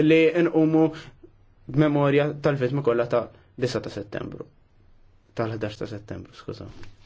li nqumu b'memorja tal-vitmi kollha ta' 9 ta' settembru. Tal-11 ta' settembru, skuża.